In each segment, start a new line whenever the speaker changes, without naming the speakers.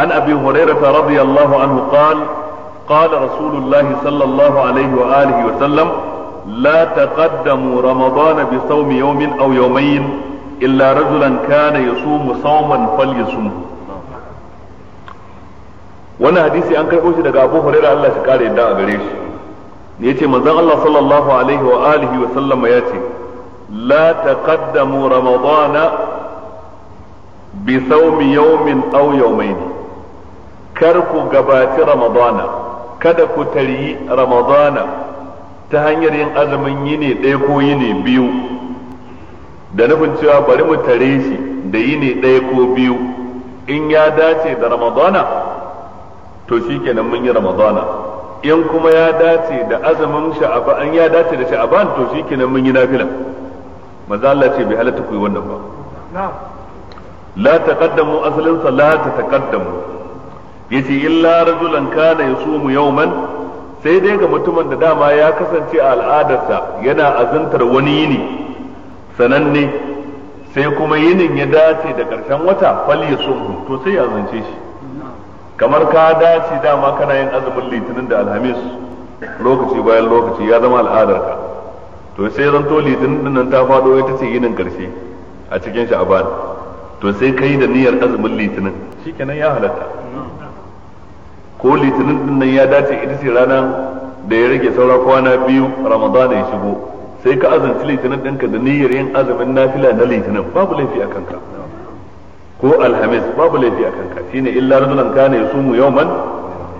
عن أبي هريرة رضي الله عنه قال قال رسول الله صلى الله عليه وآله وسلم لا تقدموا رمضان بصوم يوم أو يومين إلا رجلا كان يصوم صوما فليصومه wannan hadisi an karbo shi daga Abu Hurairah Allah shi kare yadda a shi ne yace manzon Allah sallallahu alaihi wa alihi wa sallama la ramadana bi kar ku gabaci ramadana kada ku tarihi ramadana ta hanyar yin azumin yi ne ɗaya ko yi ne biyu da nufin cewa bari mu tare shi da yi ne ɗaya ko biyu in ya dace da ramadana to shi kenan mun yi ramadana in kuma ya dace da azumin sha'aban in ya dace da sha'aban to shi kenan mun yi nafila mazalla Allah ce bai halatta ku yi wannan ba la taqaddamu asalin salata taqaddamu yace illa rajulan kana yasumu yawman sai dai ga mutumin da dama ya kasance a al'adarsa yana azantar wani yini sananne sai kuma yinin ya dace da ƙarshen wata fal yasum to sai ya azance shi kamar ka dace dama kana yin azumin litinin da alhamis lokaci bayan lokaci ya zama al'adarka to sai zanto litinin nan ta faɗo ita ce yinin ƙarshe a cikin sha'ban to sai kai da niyyar azumin litinin shikenan ya halatta ko litinin din nan ya dace ita ce rana da ya rage saura kwana biyu ramadana ya shigo sai ka azanci litinin ɗinka da niyyar yin azumin nafila na litinin babu laifi a kanka ko alhamis babu laifi a kanka shine illa rajulan kana yasumu yawman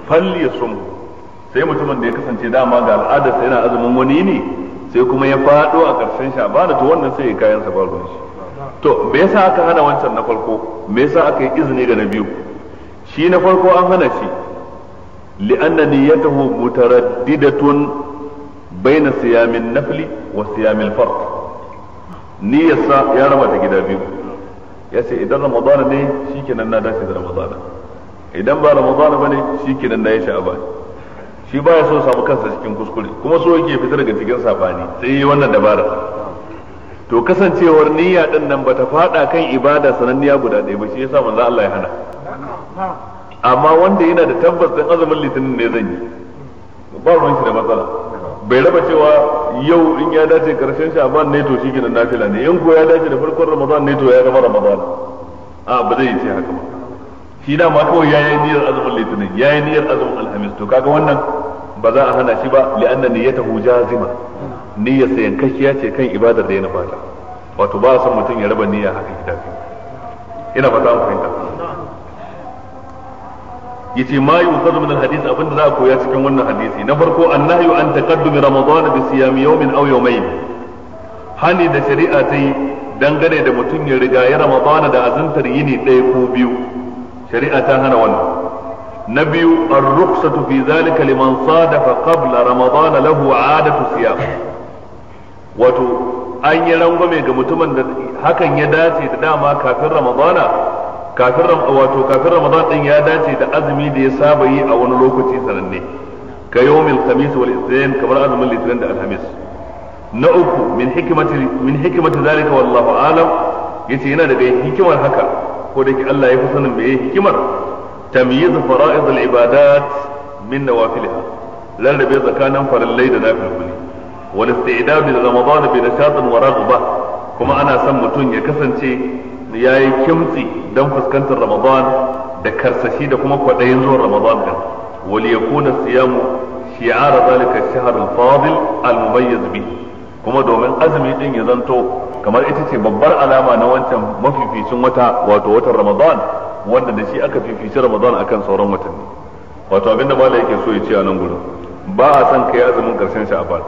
sai mutumin da ya kasance dama ga al'adar sai yana azumin wani ne sai kuma ya fado a ƙarshen sha'bana to wannan sai ya kayan sa babu shi to me yasa aka hana wancan na farko me yasa aka yi izini ga na biyu shi na farko an hana shi لأن نيته مترددة بين siyamin النفل wa siyamin fard niyyarsa ya raba gida biyu ya ce idan ramadana ne shikenan na dace da ramadana idan ba ramadana bane shikenan na yi sha'aba shi baya so samu kansa cikin kuskure kuma so yake fitar daga cikin safani sai yi wannan dabara to kasancewar niyya din nan bata fada kan ibada sananniya guda ɗaya ba shi yasa manzo Allah ya hana amma wanda yana da tabbas din azumin litinin ne zan yi ba ruwan shi da matsala bai raba cewa yau in ya dace karshen sha'ban ne to shike nan nafila ne in ko ya dace da farkon ramadan ne to ya gama ramadan a ba zai yi ce haka ba shi da ma kawai yi niyyar azumin litinin yi niyyar azumin alhamis to kaga wannan ba za a hana shi ba li'anna niyyatahu jazima niyyar sa yankakkiya ce kan ibadar da ya fata wato ba a son mutum ya raba niyya haka kitabi ina fata an fahimta yace ma yuqadu min alhadith abinda za a koya cikin wannan hadisi na farko annahyu an taqaddumi ramadan bi siyam yawmin aw yawmayn hani da shari'a ta yi dangane da mutum ya riga ya ramadana da azantar yini ɗaya ko biyu shari'a ta hana wannan na biyu ar-rukhsatu fi zalika liman sadafa qabla ramadana lahu 'adatu siyam wato an yi rangwame ga mutumin da hakan ya dace da dama kafin ramadana kafin wato kafin ramadan din ya dace da azumi da ya saba yi a wani lokaci sananne ka yawmil khamis wal ithnain kamar azumin litinin da alhamis na uku min hikimati min hikimati zalika wallahu alam yace yana daga hikimar haka ko da ke Allah ya fi sanin meye hikimar tamyiz fara'id al ibadat min nawafilha lallabe tsakanin farillai da nafilfuli wal istidad li ramadan bi nashatin wa raghbah kuma ana son mutum ya kasance ya yi kimtsi don fuskantar ramadan da karsashi da kuma kwaɗayin zuwan ramadan din wal yakuna siyamu shi'ara zalika shahr al-fadil al-mumayyiz bi kuma domin azumi din ya zanto kamar ita ce babbar alama na wancan mafificin wata wato watan ramadan wanda da shi aka fifici ramadan akan sauran watanni wato abinda mala yake so ya ce a nan gurin ba a son kai azumin karshen sha'ban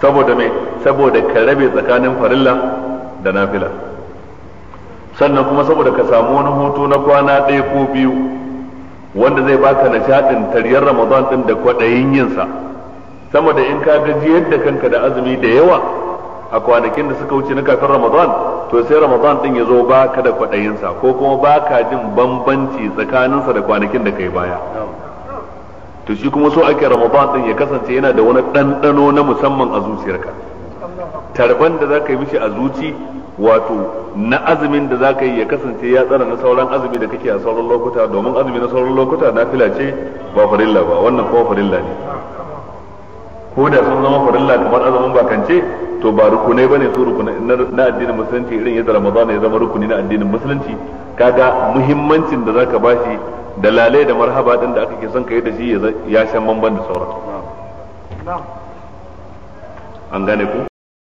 saboda me saboda ka rabe tsakanin farilla da nafila sannan kuma saboda ka samu wani hoto na kwana ɗaya ko biyu wanda zai baka nishaɗin tariyar ramadan ɗin da kwaɗayin yinsa sama da in ka gaji yadda kanka da azumi da yawa a kwanakin da suka wuce na kafin ramadan to sai ramadan ɗin ya zo baka da kwaɗayinsa ko kuma baka jin bambanci tsakaninsa da kwanakin da kai baya to shi kuma so ake ramadan ɗin ya kasance yana da wani ɗanɗano na musamman a zuciyarka tarban da za ka yi mishi a zuci wato na azumin da zaka yi ya kasance ya tsara na sauran azumi da kake a sauran lokuta domin azumi na sauran lokuta na fila ce ba farilla ba wannan kuma farilla ne ko da sun zama farilla kamar azumin bakance to ba rukunai bane su rukunai na addinin musulunci irin yadda ramadan ya zama rukuni na addinin musulunci kaga muhimmancin da zaka bashi da lalai da marhaba din da aka ke son kai da shi ya shan bamban da sauran an gane ku